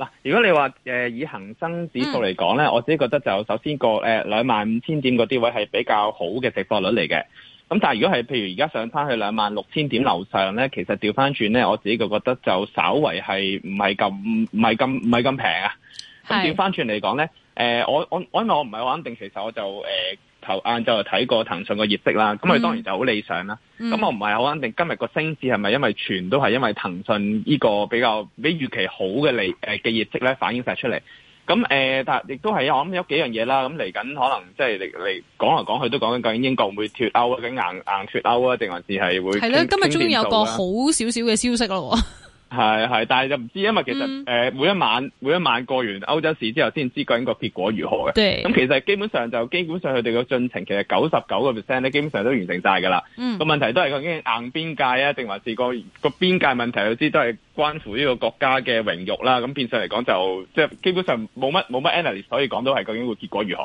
嗱，如果你話，呃、以恒生指數嚟講咧，我自己覺得就首先個誒兩萬五千點嗰啲位係比較好嘅食貨率嚟嘅。咁但係如果係譬如而家上翻去兩萬六千點樓上咧，其實調翻轉咧，我自己就覺得就稍微係唔係咁唔係咁唔係咁平啊。咁調翻轉嚟講咧，誒我我我因為我唔係好肯定，其實我就，呃就晏晝睇過騰訊個業績啦，咁佢當然就好理想啦。咁、嗯、我唔係好肯定今日個升市係咪因為全都係因為騰訊呢個比較比預期好嘅利誒嘅業績咧反映晒出嚟。咁誒，但係、呃、亦都係我諗有幾樣嘢啦。咁嚟緊可能即係嚟嚟講嚟講去都講緊究竟英國會脫歐啊，定硬硬脫歐啊，定還是係會係咧？今日終於有個好少少嘅消息咯。 係係，但係就唔知，因為其實誒、嗯呃，每一晚每一晚過完歐洲市之後，先知究竟個結果如何嘅。咁其實基本上就基本上佢哋個進程，其實九十九個 percent 咧，基本上都完成晒噶啦。個、嗯、問題都係究竟硬邊界啊，定還是個個邊界問題？我知都係關乎呢個國家嘅榮辱啦。咁變相嚟講，就即係基本上冇乜冇乜 analysis 可以講到係究竟個結果如何。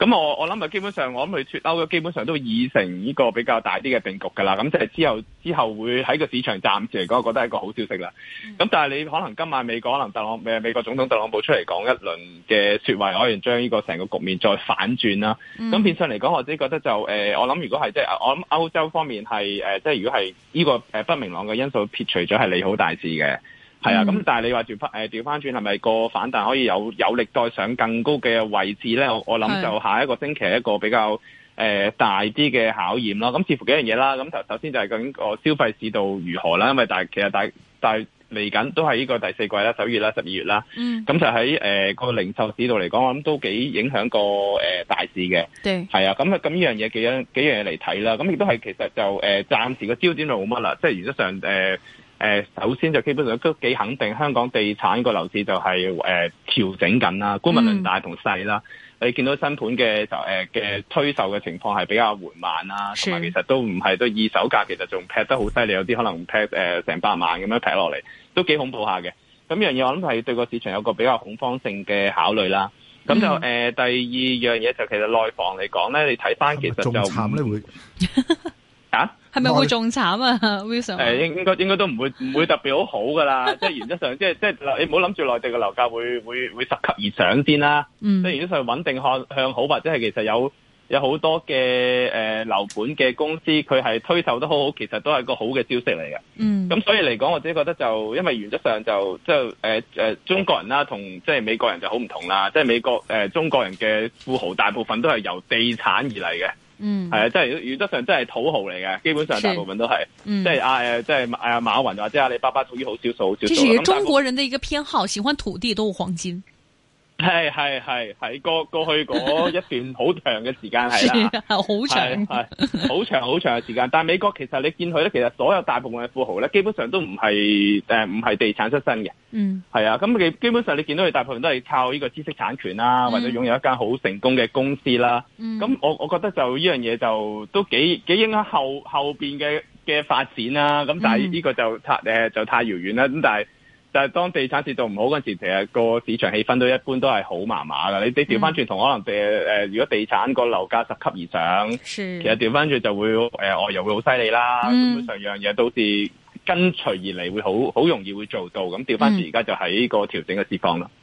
咁、嗯、我我諗啊，基本上我諗佢脱歐嘅，基本上都已成呢個比較大啲嘅定局噶啦。咁即係之後之後會喺個市場暫時嚟講，我覺得係個好消息啦。咁、嗯、但係你可能今晚美國可能特朗美國總統特朗普出嚟講一輪嘅說話，可以將呢個成個局面再反轉啦。咁、嗯、變相嚟講，我只覺得就誒、呃，我諗如果係即係我諗歐洲方面係誒、呃，即係如果係呢個誒不明朗嘅因素撇除咗，係利好大市嘅。係、嗯、啊。咁但係你話調翻誒調翻轉係咪個反彈可以有有力再上更高嘅位置咧？我我諗就下一個星期一個比較誒、呃、大啲嘅考驗啦。咁似乎幾樣嘢啦。咁首先就係究竟個消費市道如何啦，因為但係其實大。但係嚟緊都係呢個第四季啦、十一月啦、十二月啦，咁、嗯、就喺誒、呃那個零售市度嚟講，我諗都幾影響個誒大市嘅。係啊，咁啊，咁呢樣嘢幾樣幾樣嘢嚟睇啦。咁亦都係其實就誒暫、呃、時個焦點就冇乜啦。即係原則上誒誒、呃，首先就基本上都幾肯定香港地產個樓市就係誒調整緊啦，官民論大同細啦。嗯你見到新盤嘅就嘅推售嘅情況係比較緩慢啦，同埋其實都唔係都二手價其實仲劈得好犀利，有啲可能劈誒成百萬咁樣劈落嚟，都幾恐怖下嘅。咁樣嘢我諗係對個市場有個比較恐慌性嘅考慮啦。咁就誒、呃、第二樣嘢就是、其實內房嚟講咧，你睇翻其實就是 係咪會仲慘啊？Wilson？哎、應，應該都唔會唔會特別好好㗎喇。 即係原則上，即係即係你唔好諗住內地嘅樓價會會會拾級而上先啦。嗯、即係原則上穩定向向好，或者係其實有有好多嘅誒樓盤嘅公司，佢係推售得好好，其實都係一個好嘅消息嚟嘅。嗯。咁所以嚟講，我自己覺得就因為原則上就即係誒誒中國人啦、啊，同即係美國人就好唔同啦。即係美國誒、呃、中國人嘅富豪，大部分都係由地產而嚟嘅。嗯，係啊，即係原則上真係土豪嚟嘅，基本上大部分都係、嗯，即係阿誒，即係誒馬雲或者阿里巴巴屬於好少數好少數。這是中國人的一個偏好，喜歡土地都有黃金。係係係係過過去嗰一段好長嘅時間係啦，好 長，係好長好長嘅時間。但係美國其實你見佢咧，其實所有大部分嘅富豪咧，基本上都唔係誒唔係地產出身嘅。嗯，係啊，咁基基本上你見到佢大部分都係靠呢個知識產權啦，或者擁有一間好成功嘅公司啦。嗯，咁我我覺得就呢樣嘢就都幾幾影響後後邊嘅嘅發展啦。咁但係呢個就太誒、嗯、就太遙遠啦。咁但係。但係當地產市道唔好嗰陣時候，其實個市場氣氛都一般，都係好麻麻噶。你你調翻轉同可能地誒、呃，如果地產個樓價拾級而上，其實調翻轉就會誒、呃、外遊會好犀利啦。咁成樣嘢都係跟隨而嚟，會好好容易會做到。咁調翻轉而家就喺個調整嘅時況啦。嗯嗯。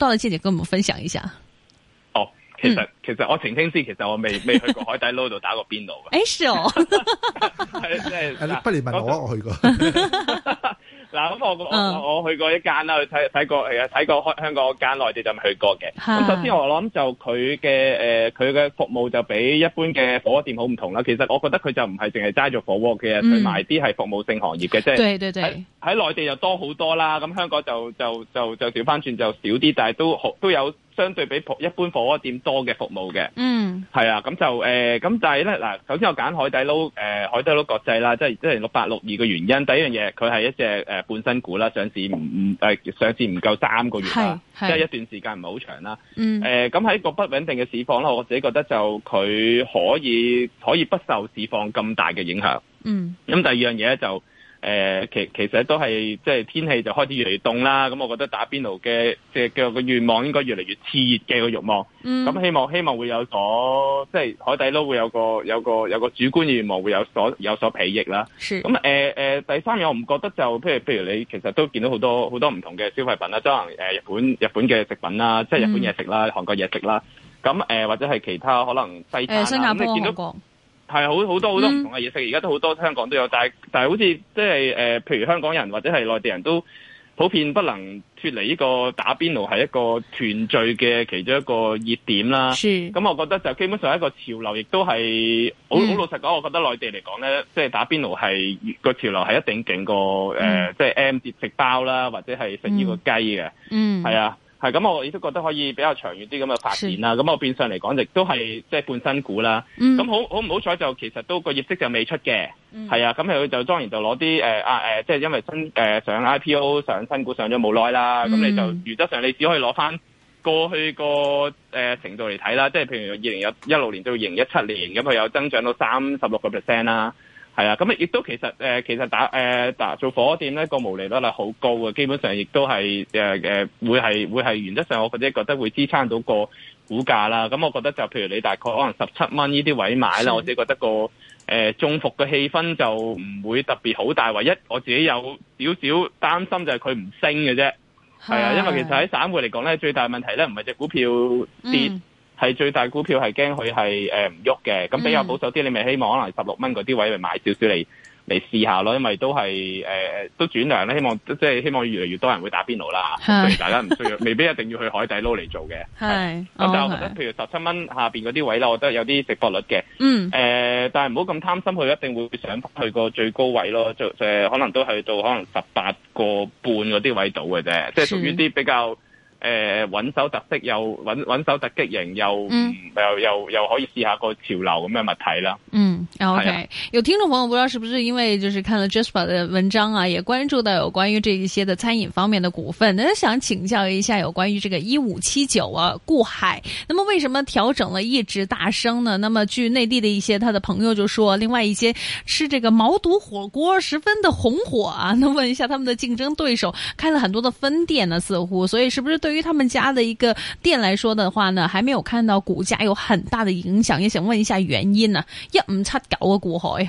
到咗姐姐跟我們分享一下。哦，其實其實我澄清先，其實我未未去過海底撈度打過邊爐嘅。哎，是哦，即係係啦，不如問我啊， 我去過。 嗱、嗯，咁我我去過一間啦，去睇睇過，啊，睇過香港間，內地就未去過嘅。咁首先我諗就佢嘅佢嘅服務就比一般嘅火鍋店好唔同啦。其實我覺得佢就唔係淨係齋做火鍋嘅，佢埋啲係服務性行業嘅啫。喺、嗯、喺、即係、對對對喺內地就多好多啦，咁、嗯、香港就就就就調翻轉就少啲，但係都好都有。相對比一般火鍋店多嘅服務嘅，嗯，係啊，咁就誒，咁、呃、但係咧嗱，首先我揀海底撈誒、呃，海底撈國際啦，即係即係六八六二嘅原因，第一樣嘢，佢係一隻誒、呃、半新股啦，上市唔唔誒，上市唔夠三個月啦，即係一段時間唔係好長啦，嗯，誒、呃，咁喺個不穩定嘅市況啦，我自己覺得就佢可以可以不受市況咁大嘅影響，嗯，咁第二樣嘢咧就。誒、呃、其其實都係即係天氣就開始越嚟越凍啦，咁我覺得打邊爐嘅即係叫個願望應該越嚟越熾熱嘅個欲望，咁、嗯、希望希望會有所即係海底撈會有個有個有個主觀嘅慾望會有所有所裨益啦。咁誒、呃呃、第三樣我唔覺得就譬如譬如你其實都見到好多好多唔同嘅消費品啦，即可能日本日本嘅食品啦，即係日本嘢食啦、嗯、韓國嘢食啦，咁、呃、或者係其他可能西餐啦。欸係好好多好多唔同嘅嘢食，而、嗯、家都好多香港都有，但係但係好似即係誒，譬如香港人或者係內地人都普遍不能脫離呢個打邊爐係一個團聚嘅其中一個熱點啦。咁我覺得就基本上一個潮流是，亦都係好好老實講，我覺得內地嚟講咧，即、就、係、是、打邊爐係個潮流係一定勁過誒，即係 M 折食包啦，或者係食依個雞嘅，係、嗯嗯、啊。係，咁我亦都覺得可以比較長遠啲咁嘅發展啦。咁我變相嚟講，亦都係即係半新股啦。咁好好唔好彩就其實都個業績就未出嘅。係、嗯、啊，咁佢就當然就攞啲啊即係因為新、呃、上 IPO 上新股上咗冇耐啦。咁你就原則、嗯、上你只可以攞翻過去個、呃、程度嚟睇啦。即係譬如二零一六年到二零一七年，咁佢有增長到三十六個 percent 啦。係啊，咁亦都其實誒、呃，其實打、呃、做火鍋店咧，個毛利率係好高嘅，基本上亦都係誒誒，會係會係原則上，我覺得會支撐到個股價啦。咁我覺得就譬如你大概可能十七蚊呢啲位買啦，我自己覺得、那個誒中伏嘅氣氛就唔會特別好大，唯一我自己有少少擔心就係佢唔升嘅啫。係啊，因為其實喺散戶嚟講咧，最大問題咧唔係隻股票跌。嗯係最大股票係驚佢係誒唔喐嘅，咁、呃、比較保守啲、嗯，你咪希望可能十六蚊嗰啲位咪買少少嚟嚟試下咯，因為都係誒、呃、都轉量啦，希望即係、就是、希望越嚟越多人會打邊爐啦，係係所以大家唔需要 未必一定要去海底撈嚟做嘅。係咁，但係我覺得譬如十七蚊下邊嗰啲位咧，我覺得有啲值博率嘅。嗯。誒、嗯呃，但係唔好咁貪心，佢一定會上去個最高位咯，就誒可能都去到可能十八個半嗰啲位度嘅啫，即係屬於啲比較。誒穩守特色又穩穩守特擊型又嗯，又又又可以試下個潮流咁嘅物體啦。嗯，OK。有聽眾朋友不知道是不是因為就是看了 Jasper 的文章啊，也關注到有關於這一些的餐飲方面的股份。那想請教一下，有關於這個一五七九啊，顧海，那麼為什麼調整了一直大升呢？那麼據內地的一些他的朋友就說，另外一些吃這個毛肚火鍋十分的紅火啊。那問一下，他們的競爭對手開了很多的分店呢，啊，似乎所以是不是對。對於他們家的一個店來說的話呢，還沒有看到股價有很大的影響，也想問一下原因啊，一五七九嘅股海，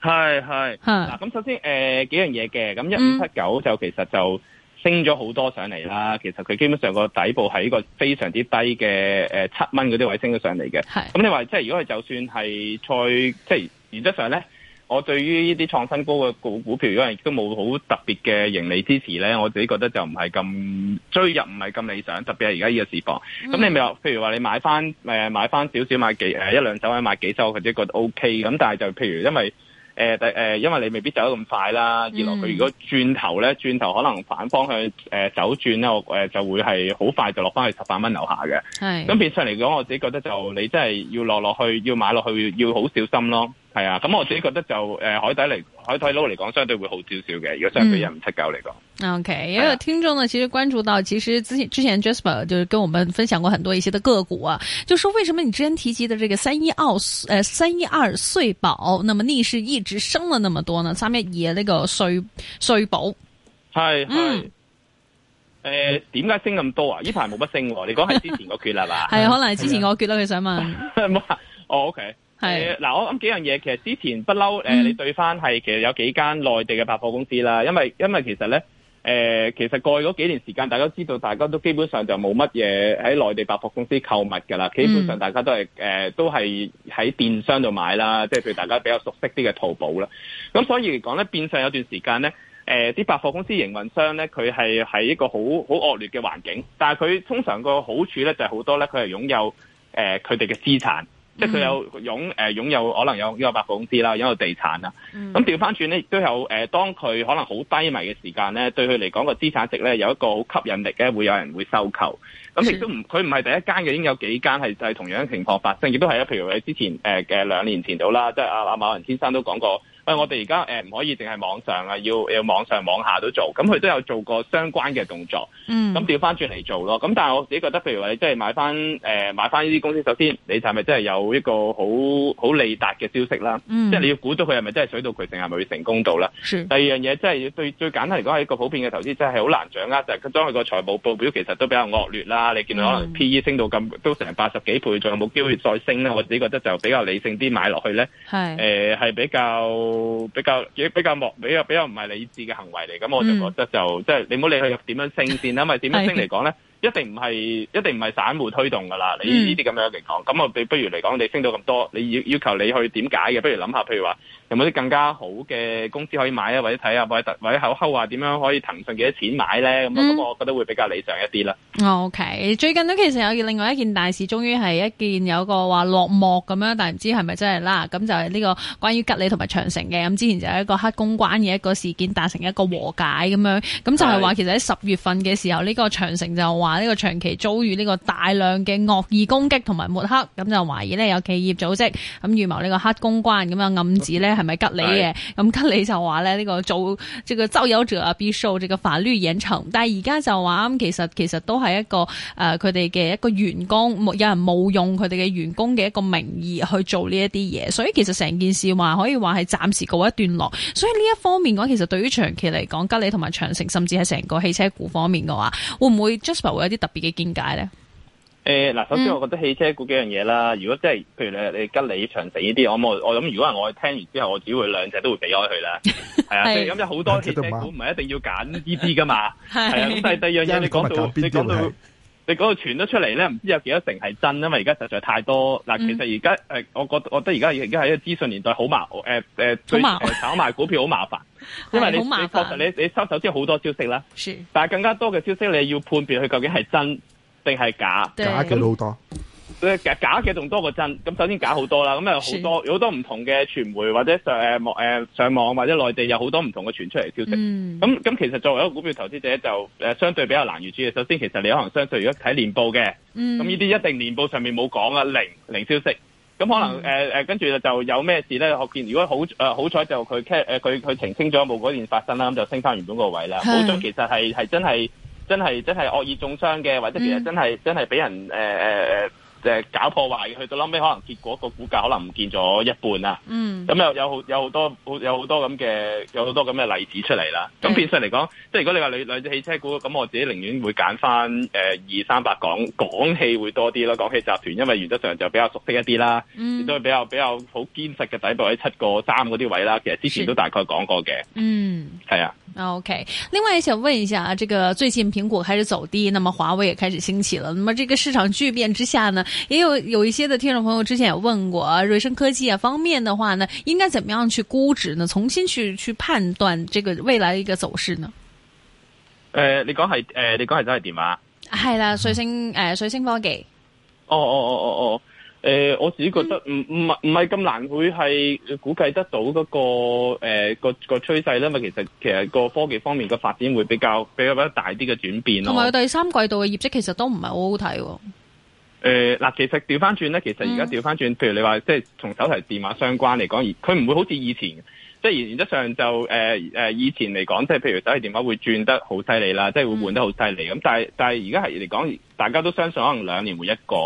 係係係嗱，咁首先誒、呃、幾樣嘢嘅，咁一五七九就其實就升咗好多上嚟啦，嗯，其實佢基本上個底部喺一個非常之低嘅誒七蚊嗰啲位升咗上嚟嘅，係咁你話即係如果佢就算係再即係原則上呢。我對於呢啲創新高嘅股股票，因為都冇好特別嘅盈利支持咧，我自己覺得就唔係咁追入，唔係咁理想。特別係而家呢個市況。咁、嗯、你咪話，譬如話你買翻誒買翻少少，買幾一兩手或買買幾手，或者覺得 O K。咁但係就譬如因為誒、呃呃、因為你未必走得咁快啦，跌落去如果轉頭咧，轉頭可能反方向誒、呃、走轉咧，我、呃、就會係好快就落翻去十八蚊樓下嘅。咁變相嚟講，我自己覺得就你真係要落落去，要買落去，要好小心咯。係啊，咁我自己覺得就誒、呃，海底嚟海底撈嚟講，相對會好少少嘅。如果相對人唔七九嚟講，OK、啊。有個聽眾呢，其實關注到，其實之前之前 Jasper 就跟我們分享過很多一些的個股啊，就說為什麼你之前提及的這個三一澳，誒三一二那麼逆勢一直升了那麼多呢？三一二呢個碎歲寶，係係誒，點解、嗯欸、升咁多啊？呢排冇乜升，你講係之前個跌啦吧？係可能係之前個跌咯。你、 啊、想問、 哦，唔好，我 OK。係嗱，我諗幾樣嘢。其實之前不嬲，誒，你對翻係其實有幾間內地嘅百貨公司啦。因為因為其實咧，誒、呃，其實過去嗰幾年時間，大家都知道，大家都基本上就冇乜嘢喺內地百貨公司購物噶啦。基本上大家都係誒、呃，都係喺電商度買啦，即係對大家比較熟悉啲嘅淘寶啦。咁、嗯嗯、所以嚟講咧，變相有段時間咧，誒、呃，啲百貨公司營運商咧，佢係喺一個好好惡劣嘅環境，但係佢通常個好處咧就係好多咧，佢係擁有誒佢哋嘅資產。 即係佢有擁、呃、擁有可能有呢個百貨公司啦，擁有個地產啦。咁調翻轉咧，亦 都有、呃、當佢可能好低迷嘅時間咧，對佢嚟講個資產值咧有一個好吸引力嘅，會有人會收購。咁亦都唔，佢唔係第一間嘅，已經有幾間係就係同樣嘅情況發生，亦都係、啊。譬如喺之前嘅、呃、兩年前度啦，即係阿阿馬雲先生都講過。我哋而家誒唔可以淨係網上啊，要要網上網下都做，咁佢都有做過相關嘅動作。嗯，咁調翻轉嚟做咯。咁但係我自己覺得，譬如話你即係買翻誒、呃、買翻呢啲公司，首先你係咪真係有一個好好利達嘅消息啦？嗯、即係你要估到佢係咪真係水到渠成，係咪會成功到啦？第二樣嘢即係對最簡單嚟講係一個普遍嘅投資，真係好難掌握就係、是、佢當佢個財務報表其實都比較惡劣啦。你見到可能 P E 升到咁都成八十幾倍，仲有冇機會再升咧？我自己覺得就比較理性啲買落去咧。係。誒、呃、係比較。比較比較莫比較比較唔係理智嘅行為嚟，咁我就覺得就即係、mm. 你唔好理佢點樣升先啦，咪點樣升嚟講咧，一定唔係一定唔係散戶推動噶啦，你呢啲咁樣嚟講，咁、mm. 我比不如嚟講你升到咁多，你要要求你去點解嘅，不如諗下，譬如話。有冇啲更加好嘅公司可以買啊，或者睇下，或者或者口口話點樣可以騰訊幾多錢買咧？咁、嗯、我覺得會比較理想一啲啦。OK，最近都其實有另外一件大事，終於係一件有一個話落幕咁樣，但唔知係咪真係啦。咁就係呢個關於吉利同埋長城嘅。咁之前就係一個黑公關嘅一個事件，達成一個和解咁樣。咁就係話其實喺十月份嘅時候，呢、呢個長城就話呢個長期遭遇呢個大量嘅惡意攻擊同埋抹黑，咁就懷疑呢有企業組織咁預謀呢個黑公關，咁樣暗指咧。係咪吉利嘅？咁吉利就話咧呢個做這個造 B 者啊，o w 這個法律嚴懲。但係而家就話咁，其實其實都係一個誒，佢哋嘅一個員工，冇有人冒用佢哋嘅員工嘅一個名義去做呢一啲嘢，所以其實成件事話可以話係暫時告一段落。所以呢一方面講，其實對於長期嚟講，吉利同埋長城，甚至係成個汽車股方面嘅話，會唔會 Jasper 會有啲特別嘅見解咧？誒，嗱，首先我覺得汽車股幾樣嘢啦、嗯。如果即、就、係、是，譬如你你吉利、長城呢啲，我冇我諗，我如果係我聽完之後，我只會兩隻都會避開佢啦。係 啊，咁有好多汽車股唔係一定要揀呢啲噶嘛。係啊，咁第第二樣嘢，你講到你講到你講到傳得出嚟咧，唔知有幾多成係真，因為而家實在太多。嗱、嗯，其實而家誒，我覺覺得而家而家係一個資訊年代好麻誒誒、呃，最炒、啊、賣股票好麻煩。 因為你你確實你，你收手之後好多消息啦。但係更加多嘅消息，你要判別佢究竟係真。定係假假嘅好多，假嘅仲多過真。咁首先假好多啦，咁又好多有好多唔同嘅傳媒或者上誒網誒上網或者內地有好多唔同嘅傳出嚟消息。咁、嗯、咁、嗯嗯、其實作為一個股票投資者就誒相對比較難預知嘅。首先其實你可能相信如果睇年報嘅，咁呢啲一定年報上面冇講啊零零消息。咁、嗯嗯、可能誒誒、呃、跟住就有咩事咧？我見如果好誒、呃、好彩就佢誒佢佢澄清咗冇嗰件發生啦，咁就升翻原本個位啦。冇咗其實係係真係。真係真係惡意中傷嘅，或者其實真係、嗯、真係俾人誒誒誒。呃即、就、係、是、搞破壞去到後尾可能結果個股價可能唔見咗一半啦。咁、嗯、有有好有好多好有好多咁嘅有好多咁嘅例子出嚟啦。咁、嗯、變相嚟講，即、就、係、是、如果你話兩兩隻汽車股，咁我自己寧願會揀翻誒二三八廣廣汽會多啲咯。廣汽集團，因為原則上就比較熟悉一啲啦，亦、嗯、都比較比較好堅實嘅底部喺七個三嗰啲位啦。其實之前都大概講過嘅。嗯，係啊。OK，另外想問一下啊，這個最近蘋果開始走低，那麼華為也開始興起了，咁麼這個市場巨變之下呢？也有有一些的聽眾朋友之前也問過瑞聲科技啊方面的話呢，應該怎麼樣去估值呢？重新去去判斷這個未來一個走勢呢？誒、呃，你講係誒，你講係真係電話？係啦，瑞聲誒，瑞、呃、聲科技。哦哦哦哦哦，誒、呃，我自己覺得唔唔係唔係咁難，會係估計得到嗰、那個誒、呃、個個趨勢啦。嘛。其實其實個科技方面嘅發展會比較比較大啲嘅轉變咯。同埋第三季度嘅業績其實都唔係好好睇。誒、呃、嗱，其實調翻轉咧，其實而家調翻轉，譬如你話即係從手提電話相關嚟講，而佢唔會好似以前，即係原則上就誒、呃呃、以前嚟講，即係譬如手提電話會轉得好犀利啦，即係會換得好犀利咁。但係但係而家嚟講，大家都相信可能兩年換一個，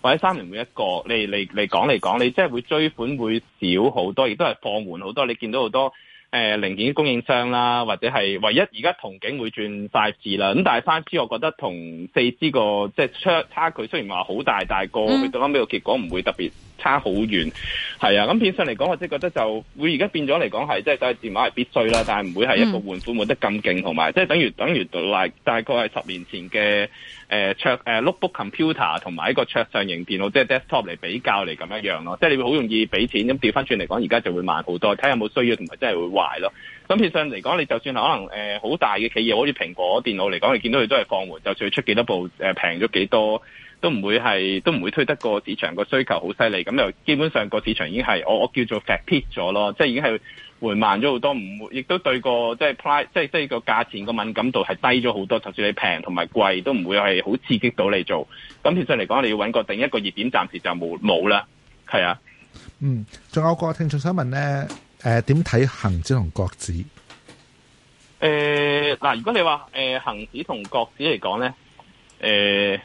或者三年換一個你嚟嚟講嚟講，你即係會追款會少好多，亦都係放緩好多。你見到好多。誒、呃、零件供應商啦，或者係唯一而家同景會轉三字啦，咁但係三 G 我覺得同四支個即係、就是、差距雖然話好大，但係個到後尾個結果唔會特別。差好遠，係啊，咁變相嚟講，我即係覺得就會而家變咗嚟講係，即係帶電話係必須啦，但係唔會係一個換款換、嗯、得咁勁同埋，即係等於等於大大概係十年前嘅誒桌誒 notebook computer 同埋一個桌上型電腦即係 desktop 嚟比較嚟咁一樣咯，即係你會好容易俾錢，咁調翻轉嚟講，而家就會慢好多，睇下有冇需要同埋真係會壞咯。咁其實嚟講，你就算可能誒好大嘅企業，好似蘋果電腦嚟講，你見到佢都係放緩，就算出幾多部誒平咗幾多，都唔會係，都唔會推得過市場個需求好犀利。咁又基本上個市場已經係我我叫做 flat peak 咗咯，即係已經係緩慢咗好多，唔會亦都對個即係 price，即係即係個價錢個敏感度係低咗好多。就算你平同埋貴，都唔會係好刺激到你做。咁其實嚟講，你要搵個定一個熱點，暫時就冇冇啦。係啊，嗯，仲有個聽眾詢問咧。誒、呃，點睇恒指同國指？誒，嗱，如果你話誒恒指同國指嚟講咧，誒、呃，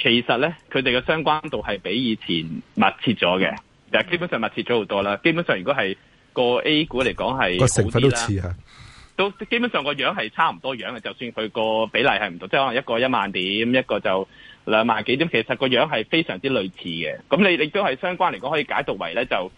其實咧佢哋嘅相關度係比以前密切咗嘅，嗱，基本上密切咗好多啦。基本上如果係個 A 股嚟講係，個成份都似啊，都基本上個樣係差唔多樣嘅。就算佢個比例係唔同，即係可能一個一萬點，一個就兩萬幾點，其實個樣係非常之類似嘅。咁你亦都係相關嚟講，可以解讀為咧就。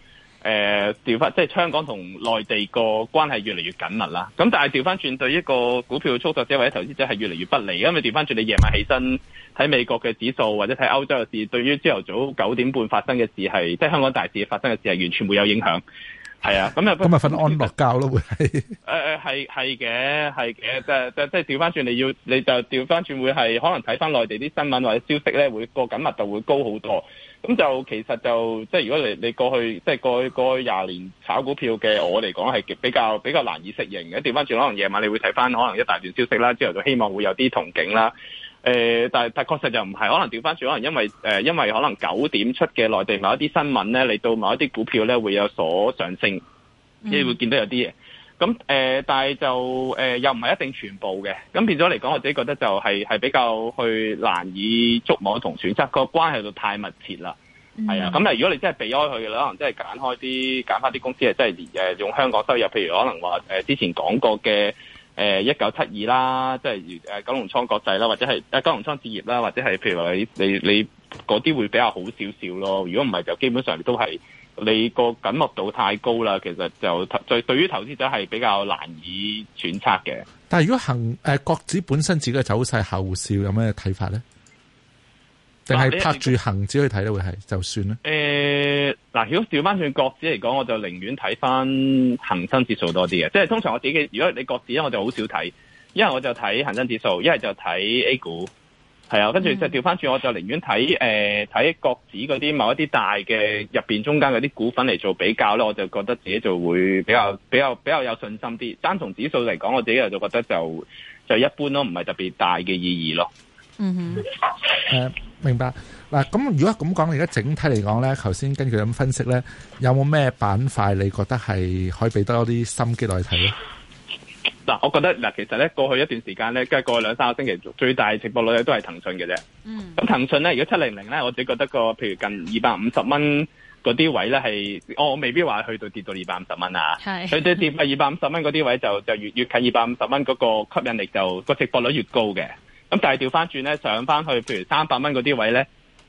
誒調翻即係香港同內地個關係越嚟越緊密啦，咁但係調翻轉對一個股票操作者或者投資者係越嚟越不利，因為你調翻轉你夜晚起身睇美國嘅指數或者睇歐洲嘅事，對於朝頭早九點半發生嘅事係即係香港大市發生嘅事係完全冇有影響。係啊，咁啊，咁啊，瞓安樂覺咯會。誒、呃、誒，係係嘅，係嘅，即係即係即係調翻轉，你要你就調翻轉會係可能睇翻內地啲新聞或者消息咧，會個緊密度會高好多。咁就其實就即係如果你你過去即係過去過去廿年炒股票嘅我嚟講係比較比較難以適應嘅。調翻轉可能夜晚你會睇翻可能一大段消息啦，之後就希望會有啲同景啦。誒、呃，但係但確實就唔係，可能調翻轉，可能因為誒、呃，因為可能九點出嘅內地某一啲新聞咧，嚟到某一啲股票咧會有所上升，即、嗯、係會見到有啲嘢。咁誒、呃，但係就誒、呃、又唔係一定全部嘅。咁變咗嚟講，我自己覺得就係、是、係比較去難以捉摸同選擇個關係度太密切啦。係、嗯、啊，咁啊，如果你真係避開佢嘅啦，可能真係揀開啲揀翻啲公司係即係誒用香港收入，譬如可能話誒、呃、之前講過嘅。誒、呃、一九七二啦，即、就、係、是呃、九龍倉國際啦，或者係、呃、九龍倉置業啦，或者係譬如你你你嗰啲會比較好少少咯。如果唔係就基本上都係你個緊密度太高啦，其實就對對於投資者係比較難以揣測嘅。但如果恆誒、呃、國指本身自己嘅走勢後市有咩睇法咧？但係拍住恒指去睇咧，會係就算啦。誒、啊，嗱、嗯啊，如果調翻轉國指嚟講，我就寧願睇翻恒生指數多啲嘅。即係通常我自己，如果你國指咧，我就好少睇，一係我就睇恒生指數，一係就睇 A 股，係啊。跟住就調翻轉，我就寧願睇誒，睇國指嗰啲某一啲大嘅入邊中間嗰啲股份嚟做比較咧，我就覺得自己就會比較比較比較有信心啲。單從指數嚟講，我自己就覺得就就一般咯，唔係特別大嘅意義咯。嗯哼。係、嗯。啊明白嗱，咁如果咁講，而家整體嚟講咧，頭先根據咁分析咧，有冇咩板塊你覺得係可以俾多啲心機落去睇咧？嗱，我覺得嗱，其實咧過去一段時間咧，跟住過去兩三個星期，最大直播率都係騰訊嘅啫。嗯。咁騰訊咧，如果七零零咧，我自己覺得個譬如近二百五十蚊嗰啲位咧，係、哦、我未必話去到跌到二百五十蚊啊。係。佢都跌啊，二百五十蚊嗰啲位就就越越近二百五十蚊嗰個吸引力就個直播率越高嘅。咁但係調翻轉咧，上翻去，譬如三百蚊嗰啲位咧，誒、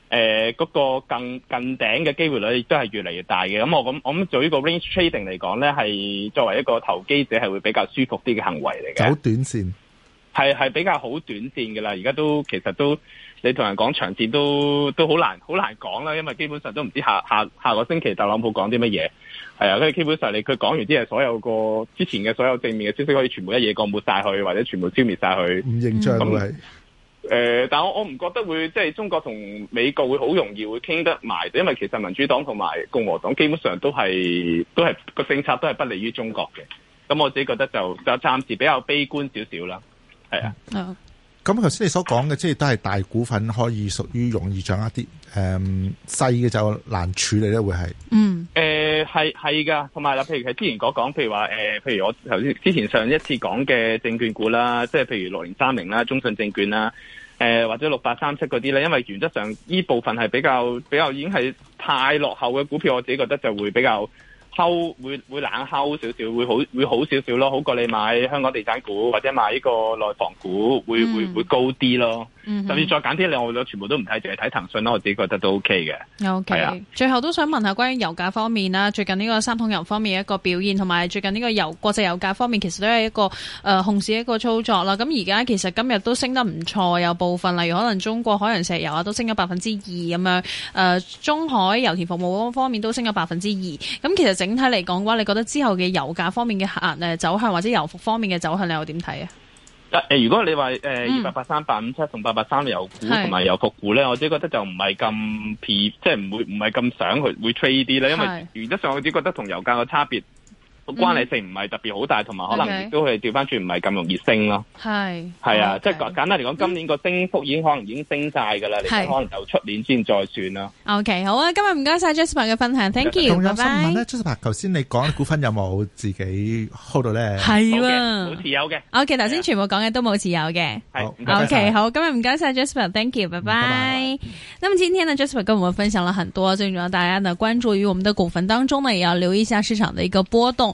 呃，嗰、嗰個更更頂嘅機會率亦都係越嚟越大嘅。咁我咁，我諗做呢個 range trading 嚟講咧，係作為一個投機者係會比較舒服啲嘅行為嚟嘅。好短線係係比較好短線嘅啦。而家都其實都你同人講長線都都好難好難講啦，因為基本上都唔知下下下個星期特朗普講啲乜嘢。係啊，所以基本上你佢講完啲係所有個之前嘅所有正面嘅消息，可以全部一夜過抹晒去，或者全部消滅晒去，唔認真咁係。但係我唔覺得會即係中國同美國會好容易會傾得埋，因為其實民主黨同埋共和黨基本上都係都係個政策都係不利於中國嘅。咁我自己覺得就就暫時比較悲觀少少啦。係啊。咁頭先你所講嘅即係都係大股份可以屬於容易掌握啲，誒、嗯，細嘅就難處理啦，會係。嗯。係係噶，同埋啦，譬如係之前我講，譬如話誒、呃，譬如我頭先之前上一次講嘅證券股啦，即係譬如六零三零啦、中信證券啦、誒、呃、或者六八三七嗰啲咧，因為原則上呢部分係比較比較已經係太落後嘅股票，我自己覺得就會比較摳，會會冷摳少少，會好會好少少咯，好過你買香港地產股或者買呢個內房股，會會、嗯、會高啲咯。嗯，甚至再揀啲，我我全部都唔睇，淨係睇騰訊啦，我自己覺得都 OK 嘅，OK。啊，最後都想問下關於油價方面啦，最近呢個三桶油方面一個表現，同埋最近呢個油國際油價方面，其實都係一個誒，熊，呃、市一個操作啦。咁而家其實今日都升得唔錯，有部分例如可能中國海洋石油啊，都升咗百分之二咁樣。誒、呃，中海油田服務方面都升咗百分之二。咁其實整體嚟講嘅話，你覺得之後嘅油價方面嘅誒走向，或者油服方面嘅走向，你又點睇啊？但如果你話誒二八八三、八五七同八八三，你、嗯、有油股同埋有油服股咧，我自己覺得就唔係咁偏，即係唔會唔係咁想佢會 trade 啲咧，因為原則上我自己覺得同油價個差別。嗯、關係性唔係特別好大，同埋可能亦都係調翻轉唔係咁容易升咯。係、okay. 係啊，即、okay. 係簡單嚟講，今年個升幅已經可能已經升晒噶啦，mm. 你可能又出年先再算啦。OK，好啊，今日唔該晒 Jasper 嘅分享、嗯、，Thank you，拜拜。Jasper，頭先你講嘅股份有冇自己 hold 到咧？係、啊，保、okay，持有嘅。OK，頭先、啊、全部講嘅都冇持有嘅。係、哦啊、OK，好，今日唔該晒 Jasper，Thank you，拜拜。咁今天呢 Jasper 跟我們分享了很多，最重要大家呢關注於我們的股份當中呢，也要留意一下市場的一個波動。